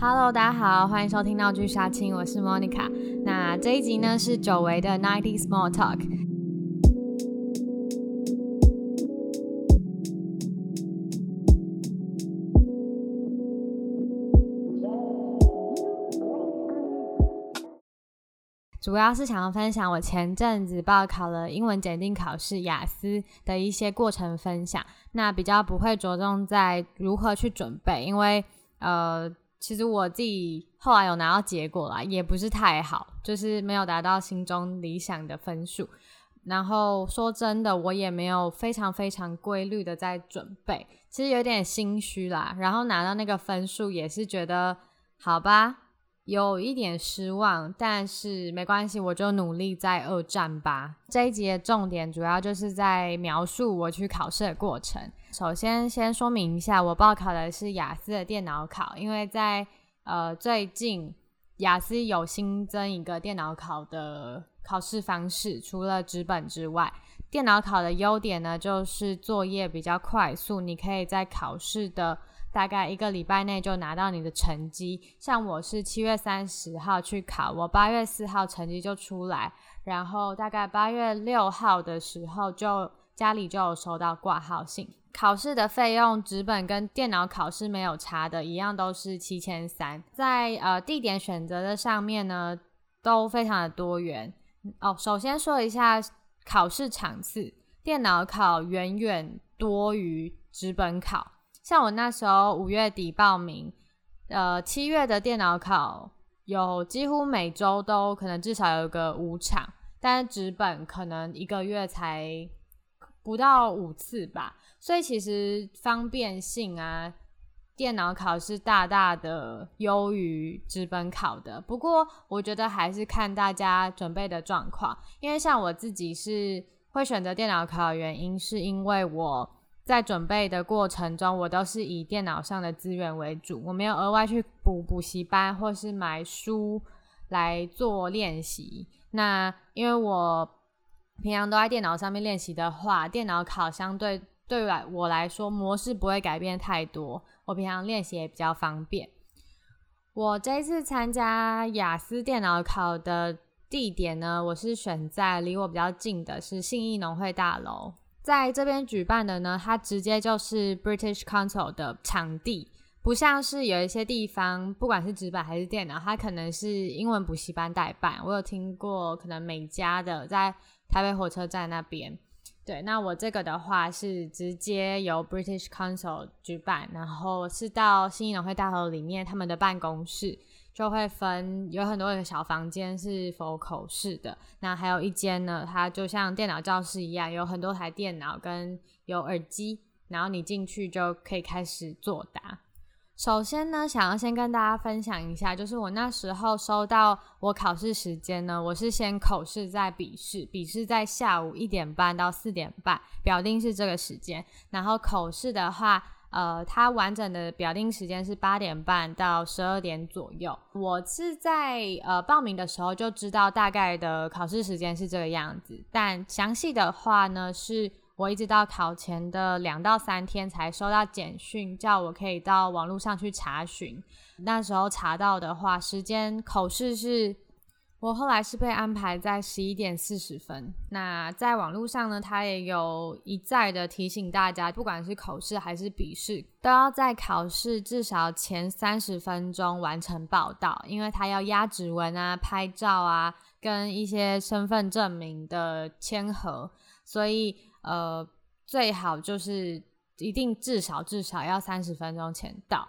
Hello，大家好，歡迎收聽《鬧劇殺青》，我是 Monica。那這一集呢，是久違的 Nighty Small Talk， 主要是想要分享我前陣子報考了英文檢定考試雅思的一些過程分享。那比較不會着重在如何去準備，因為呃。其實我自己後來有拿到結果啦，也不是太好，就是沒有達到心中理想的分數。然後說真的，我也沒有非常非常規律的在準備，其實有點心虛啦。然後拿到那個分數，也是覺得好吧。有一點失望，但是沒關係，我就努力再二戰吧。這一集的重點主要就是在描述我去考試的過程。首先，先說明一下，我報考的是雅思的電腦考，因為在呃最近雅思有新增一個電腦考的考試方式，除了紙本之外，電腦考的優點呢就是作業比較快速，你可以在考試的，大概一個禮拜內就拿到你的成績，像我是七月三十號去考，我八月四號成績就出來，然後大概八月六號的時候就家裡就有收到掛號信。考試的費用，紙本跟電腦考試沒有差的，一樣都是七千三。在呃地點選擇的上面呢，都非常的多元哦。首先說一下考試場次，電腦考遠遠多於紙本考。像我那時候五月底報名，呃，七月的電腦考有幾乎每週都可能至少有個五場，但是紙本可能一個月才不到五次吧。所以其實方便性啊，電腦考是大大的優於紙本考的。不過我覺得還是看大家準備的狀況，因為像我自己是會選擇電腦考的原因是因為我。在準備的過程中，我都是以電腦上的資源為主，我沒有額外去補補習班或是買書來做練習。那因為我平常都在電腦上面練習的話，電腦考相對對我來說模式不會改變太多，我平常練習也比較方便。我這次參加雅思電腦考的地點呢，我是選在離我比較近的是信義農會大樓，在這邊舉辦的呢，它直接就是 British Council 的場地，不像是有一些地方，不管是紙本還是電腦，它可能是英文補習班代辦。我有聽過，可能美加的在台北火車站那邊，對。那我這個的話是直接由 British Council 舉辦，然後是到新義路會大樓裡面他們的辦公室。就會分有很多個小房間，是否口試的？那還有一間呢，它就像電腦教室一樣，有很多台電腦跟有耳機，然後你進去就可以開始作答。首先呢，想要先跟大家分享一下，就是我那時候收到我考試時間呢，我是先口試再筆試，筆試在下午一點半到四點半，表定是這個時間。然後口試的話。呃，它完整的表定時間是八點半到十二點左右。我是在呃報名的時候就知道大概的考試時間是這個樣子，但詳細的話呢，是我一直到考前的兩到三天才收到簡訊，叫我可以到網絡上去查詢。那時候查到的話，時間，口試是。我後來是被安排在十一點四十分。那在網絡上呢，他也有一再的提醒大家，不管是口試還是筆試，都要在考試至少前三十分鐘完成報到，因為他要壓指紋啊、拍照啊、跟一些身份證明的簽核。所以呃，最好就是一定至少至少要三十分鐘前到。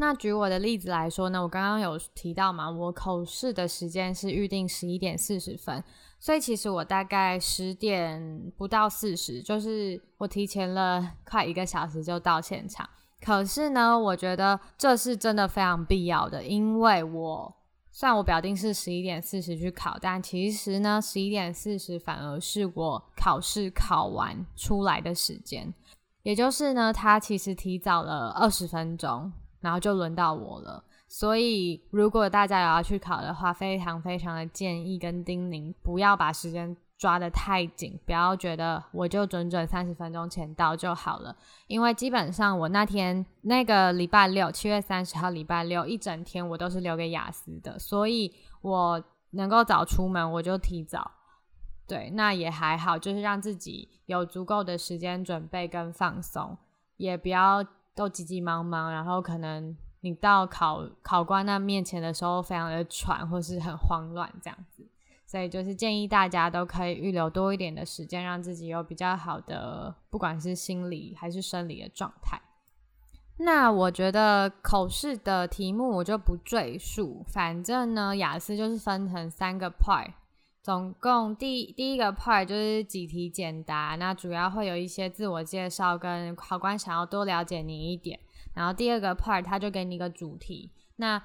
那舉我的例子來說呢，我剛剛有提到嘛，我考試的時間是預定十一點四十分，所以其實我大概十點不到四十，就是我提前了快一個小時就到現場。可是呢，我覺得這是真的非常必要的，因為我雖然我表定是十一點四十去考，但其實呢，十一點四十反而是我考試考完出來的時間，也就是呢，他其實提早了二十分鐘。然後就輪到我了，所以如果大家有要去考的話，非常非常的建議跟叮嚀，不要把時間抓得太緊，不要覺得我就準準三十分鐘前到就好了，因為基本上我那天那個禮拜六，七月三十號禮拜六一整天我都是留給雅思的，所以我能夠早出門我就提早，對，那也還好，就是讓自己有足夠的時間準備跟放鬆，也不要，又急急忙忙，然後可能你到考考官那面前的時候，非常的喘，或是很慌亂這樣子，所以就是建議大家都可以預留多一點的時間，讓自己有比較好的，不管是心理還是生理的狀態。那我覺得口試的題目我就不贅述，反正呢，雅思就是分成三個 part。總共第第一個 part 就是幾題簡答，那主要會有一些自我介紹，跟考官想要多了解你一點。然後第二個 part 他就給你一個主題，那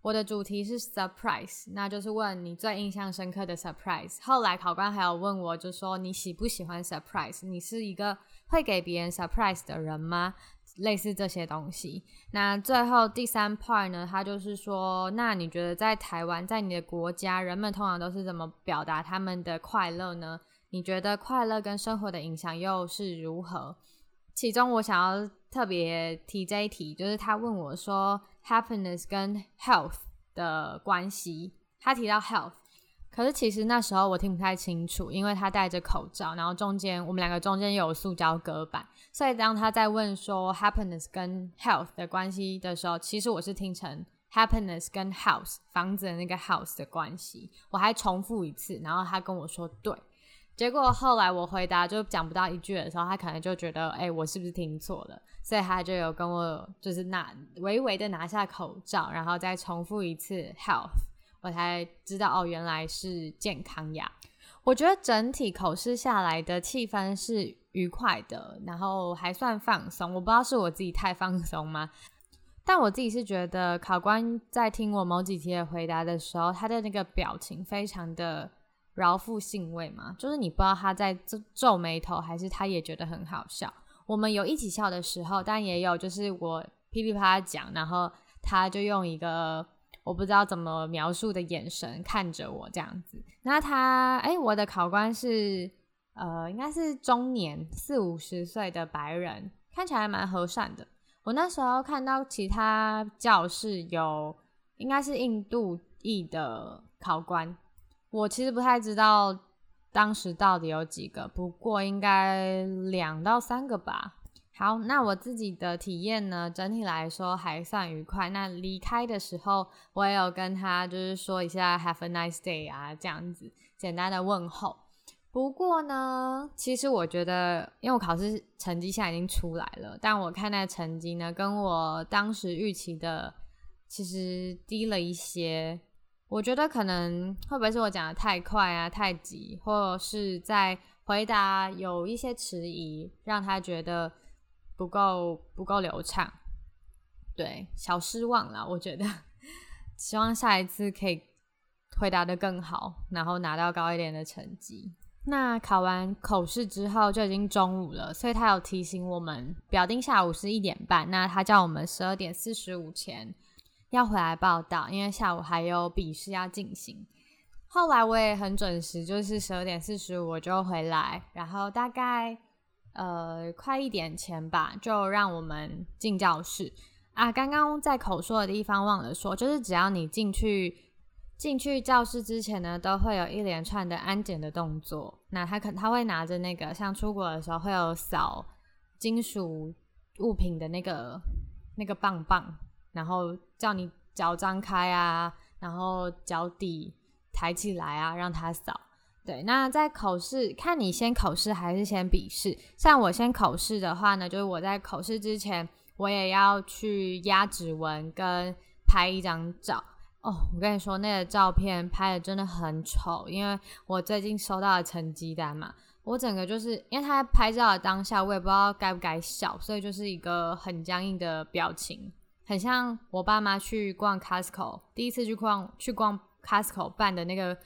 我的主題是 surprise，那就是問你最印象深刻的 surprise。後來考官還有問我，就說你喜不喜歡 surprise，你是一個會給別人 surprise 的人嗎？類似這些東西。那最後第三 part 呢？他就是說，那你覺得在台灣，在你的國家，人們通常都是怎麼表達他們的快樂呢？你覺得快樂跟生活的影響又是如何？其中我想要特別提這一題，就是他問我說，happiness 跟 health 的關係。他提到 health。可是其實那時候我聽不太清楚，因為他戴着口罩，然後中間我們兩個中間又有塑膠隔板，所以當他在問說 happiness 跟 health 的關係的時候，其實我是聽成 happiness 跟 house 房子的那個 house 的關係。我還重複一次，然後他跟我說對，結果後來我回答就講不到一句的時候，他可能就覺得誒、欸，我是不是聽錯了，所以他就有跟我就是那微微的拿下口罩，然後再重複一次 health。我才知道哦，原來是健康呀！我覺得整體口試下來的氣氛是愉快的，然後還算放鬆。我不知道是我自己太放鬆嗎？但我自己是覺得考官在聽我某幾題的回答的時候，他的那個表情非常的饒富興味嘛，就是你不知道他在皺眉頭，還是他也覺得很好笑。我們有一起笑的時候，但也有就是我噼里啪啦講，然後他就用一個。我不知道怎麼描述的眼神看着我這樣子。那他，誒、欸，我的考官是，呃，應該是中年四五十歲的白人，看起來還蠻和善的。我那時候看到其他教室有，應該是印度裔的考官。我其實不太知道當時到底有幾個，不過應該兩到三個吧。好，那我自己的體驗呢，整體來說還算愉快。那離開的時候，我也有跟他就是說一下 “Have a nice day” 啊，這樣子簡單的問候。不過呢，其實我覺得，因為我考試成績現在已經出來了，但我看那成績呢，跟我當時預期的其實低了一些。我覺得可能會不會是我講得太快啊、太急，或是在回答有一些遲疑，讓他覺得。不夠不夠流暢，對，小失望了。我覺得，希望下一次可以回答得更好，然後拿到高一點的成績。那考完口試之後就已經中午了，所以他有提醒我們，表定下午是一點半。那他叫我們十二點四十五前要回來報到，因為下午還有筆試要進行。後來我也很準時，就是十二點四十五我就回來，然後大概。呃，快一點前吧，就讓我們進教室啊！剛剛在口說的地方忘了說，就是只要你進去進去教室之前呢，都會有一連串的安檢的動作。那他可他會拿着那個，像出國的時候會有掃金屬物品的那個那個棒棒，然後叫你腳張開啊，然後腳底抬起來啊，讓他掃。對，那在口試，看你先口試還是先筆試。像我先口試的話呢，就是我在口試之前，我也要去壓指紋跟拍一張照。哦，我跟你說，那個照片拍的真的很醜，因為我最近收到了成績單嘛，我整個就是因為他拍照的當下，我也不知道該不該笑，所以就是一個很僵硬的表情，很像我爸媽去逛 Costco，第一次去逛去逛 Costco 辦的那個。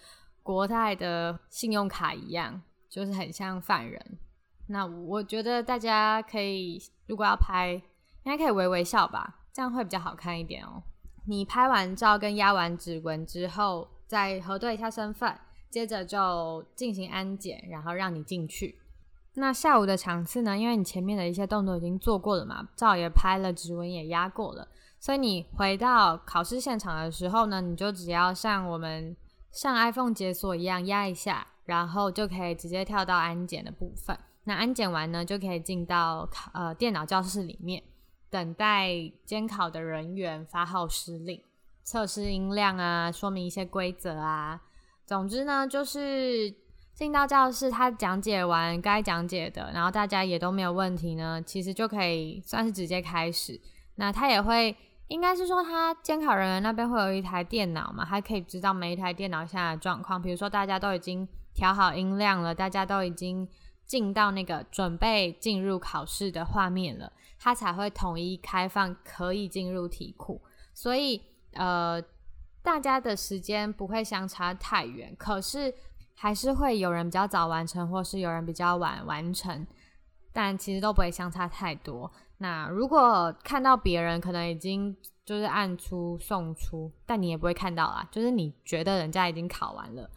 國泰的信用卡一樣，就是很像犯人。那我覺得大家可以，如果要拍，應該可以微微笑吧，這樣會比較好看一點哦。你拍完照跟壓完指紋之後，再核對一下身份，接着就進行安檢，然後讓你進去。那下午的場次呢，因為你前面的一些動作已經做過了嘛，照也拍了，指紋也壓過了，所以你回到考試現場的時候呢，你就只要像我們。像 iPhone 解鎖一樣壓一下，然後就可以直接跳到安檢的部分。那安檢完呢，就可以進到呃電腦教室裡面，等待監考的人員發號施令，測試音量啊，說明一些規則啊。總之呢，就是進到教室，他講解完該講解的，然後大家也都沒有問題呢，其實就可以算是直接開始。那他也會。應該是說，他監考人員那邊會有一台電腦嘛，他可以知道每一台電腦現在的狀況。比如說，大家都已經調好音量了，大家都已經進到那個準備進入考試的畫面了，他才會統一開放可以進入題庫。所以，呃，大家的時間不會相差太遠，可是還是會有人比較早完成，或是有人比較晚完成，但其實都不會相差太多。那如果看到別人可能已經就是按出送出，但你也不會看到啦，就是你覺得人家已經考完了，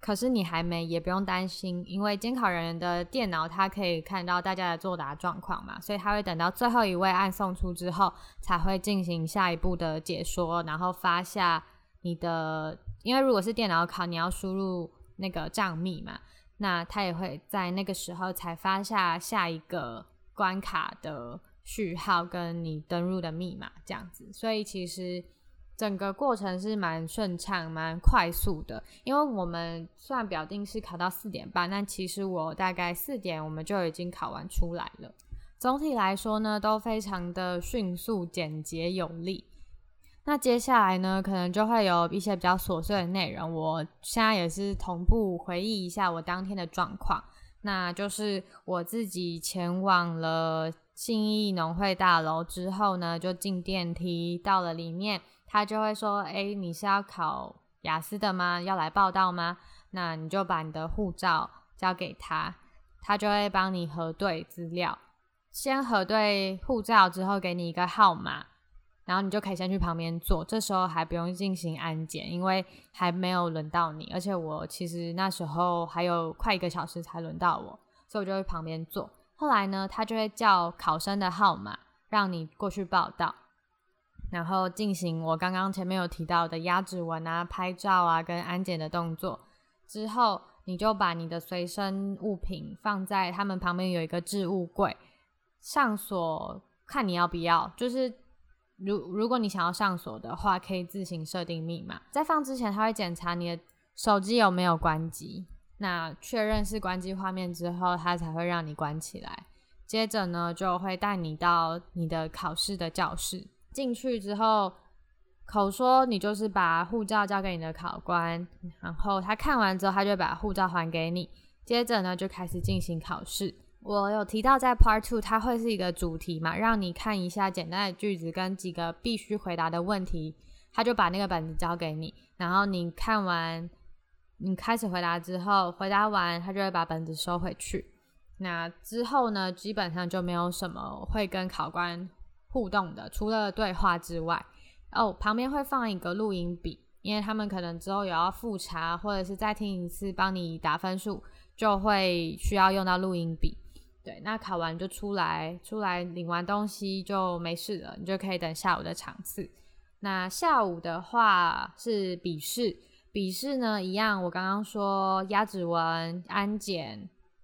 可是你還沒，也不用擔心，因為監考人員的電腦他可以看到大家的作答狀況嘛，所以他會等到最後一位按送出之後，才會進行下一步的解說，然後發下你的。因為如果是電腦考，你要輸入那個賬密嘛，那他也會在那個時候才發下下一個關卡的。序號跟你登入的密碼這樣子，所以其實整個過程是蠻順暢、蠻快速的。因為我們算表定是考到四點半，但其實我大概四點我們就已經考完出來了。總體來說呢，都非常的迅速、簡潔、有力。那接下來呢，可能就會有一些比較瑣碎的內容。我現在也是同步回憶一下我當天的狀況，那就是我自己前往了。信義農會大樓之後呢，就進電梯，到了裡面，他就會說：“哎、欸，你是要考雅思的嗎？要來報到嗎？”那你就把你的護照交給他，他就會幫你核對資料，先核對護照之後給你一個號碼，然後你就可以先去旁邊坐。這時候還不用進行安檢，因為還沒有輪到你。而且我其實那時候還有快一個小時才輪到我，所以我就去旁邊坐。後來呢，他就會叫考生的號碼，讓你過去報到，然後進行我剛剛前面有提到的壓指紋啊、拍照啊、跟安檢的動作。之後，你就把你的隨身物品放在他們旁邊有一個置物櫃上鎖，看你要不要。就是如，如如果你想要上鎖的話，可以自行設定密碼。在放之前，他會檢查你的手機有沒有關機。那確認是關機畫面之後，他才會讓你關起來。接着呢，就會帶你到你的考試的教室。進去之後，口說你就是把護照交給你的考官，然後他看完之後，他就把護照還給你。接着呢，就開始進行考試。我有提到在 Part Two，它會是一個主題嘛，讓你看一下簡單的句子跟幾個必須回答的問題。他就把那個本子交給你，然後你看完。你開始回答之後，回答完他就會把本子收回去。那之後呢，基本上就沒有什麼會跟考官互動的，除了對話之外。哦，旁邊會放一個錄音筆，因為他們可能之後有要複查，或者是再聽一次幫你打分數，就會需要用到錄音筆。對，那考完就出來，出來領完東西就沒事了，你就可以等下午的場次。那下午的話是筆試。筆試呢，一樣，我剛剛說壓指紋、安檢，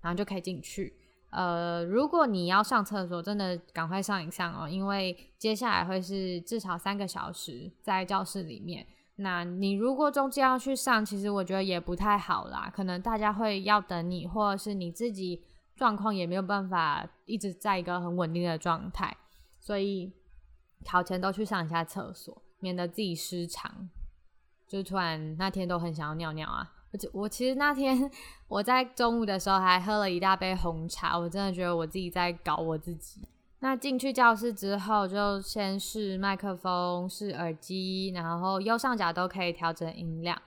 然後就可以進去。呃，如果你要上廁所，真的趕快上一上哦，因為接下來會是至少三個小時在教室裡面。那你如果中間要去上，其實我覺得也不太好啦，可能大家會要等你，或者是你自己狀況也沒有辦法一直在一個很穩定的狀態，所以考前都去上一下廁所，免得自己失常。就突然那天都很想要尿尿啊，而且我其實那天我在中午的時候還喝了一大杯紅茶，我真的覺得我自己在搞我自己。那進去教室之後，就先試麥克風、試耳機，然後右上角都可以調整音量。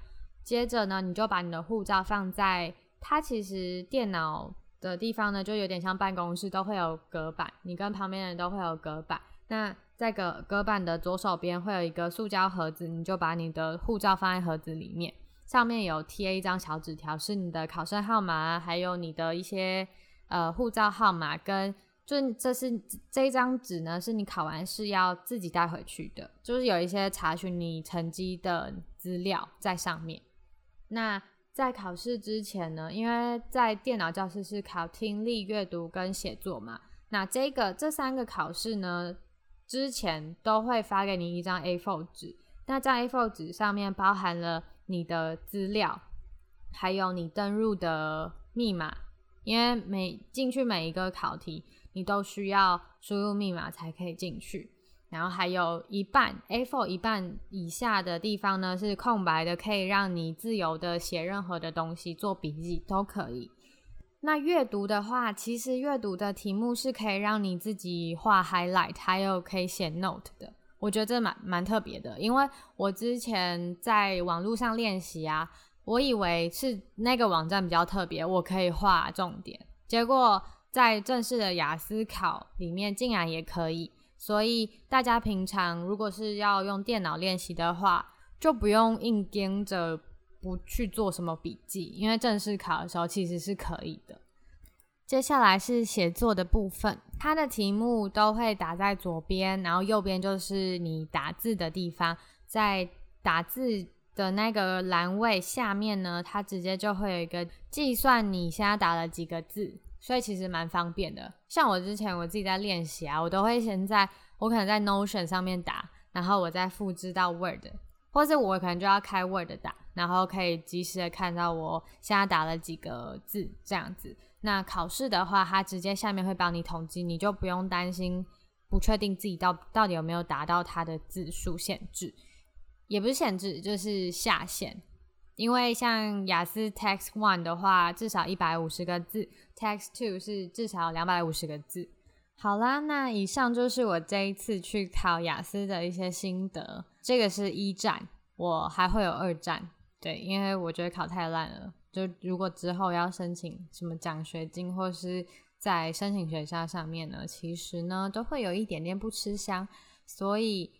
接着呢，你就把你的護照放在它其實電腦的地方呢，就有點像辦公室都會有隔板，你跟旁邊人都會有隔板。那在個隔板的左手邊會有一個塑膠盒子，你就把你的護照放在盒子裡面，上面有貼一張小紙條，是你的考生號碼，還有你的一些呃護照號碼跟，就這是這一張紙呢，是你考完試要自己帶回去的，就是有一些查詢你成績的資料在上面。那在考試之前呢，因為在電腦教室是考聽力、閱讀跟寫作嘛，那這個這三個考試呢。之前都會發給你一張 A4 紙，那在 A4 紙上面包含了你的資料，還有你登入的密碼，因為每進去每一個考題，你都需要輸入密碼才可以進去。然後還有一半，A4 一半以下的地方呢，是空白的，可以讓你自由的寫任何的東西，做筆記都可以。那閱讀的話，其實閱讀的題目是可以讓你自己畫 highlight，還有可以寫 note 的。我覺得這蠻蠻特別的，因為我之前在網路上練習啊，我以為是那個網站比較特別，我可以畫重點，結果在正式的雅思考裡面竟然也可以。所以大家平常如果是要用電腦練習的話，就不用硬跟着。不去做什麼筆記，因為正式考的時候其實是可以的。接下來是寫作的部分，它的題目都會打在左邊，然後右邊就是你打字的地方。在打字的那個欄位下面呢，它直接就會有一個計算你現在打了幾個字，所以其實蠻方便的。像我之前我自己在練習啊，我都會先在我可能在 Notion 上面打，然後我再複製到 Word，或是我可能就要開 Word 打。然後可以及時的看到我現在打了幾個字這樣子。那考試的話，它直接下面會幫你統計，你就不用擔心不確定自己到到底有沒有達到它的字數限制，也不是限制，就是下限。因為像雅思 Text One 的話，至少一百五十個字；Text Two 是至少兩百五十個字。好啦，那以上就是我這一次去考雅思的一些心得。這個是一戰，我還會有二戰。對，因為我覺得考太爛了，就如果之後要申請什麼獎學金或是在申請學校上面呢，其實呢都會有一點點不吃香，所以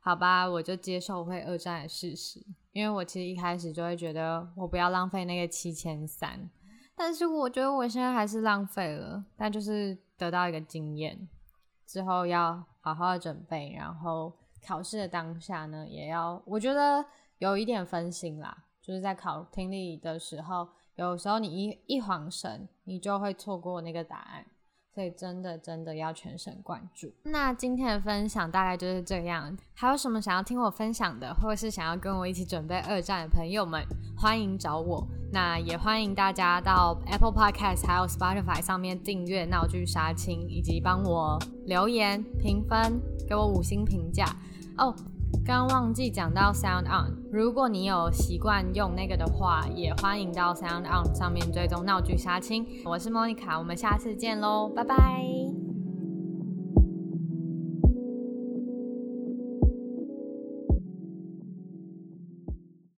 好吧，我就接受會二戰的事實。因為我其實一開始就會覺得我不要浪費那個七千三，但是我覺得我現在還是浪費了，但就是得到一個經驗，之後要好好的準備，然後考試的當下呢，也要我覺得。有一點分心啦，就是在考聽力的時候，有時候你一一晃神，你就會錯過那個答案，所以真的真的要全神貫注。那今天的分享大概就是這樣，還有什麼想要聽我分享的，或是想要跟我一起準備二戰的朋友們，歡迎找我。那也歡迎大家到 Apple Podcast 還有 Spotify 上面訂閱《鬧劇殺青》，以及幫我留言、評分，給我五星評價哦。Oh, 剛忘記講到 Sound On，如果你有習慣用那個的話，也歡迎到 Sound On 上面追蹤鬧劇殺青。我是 Monica，我們下次見嘍，拜拜。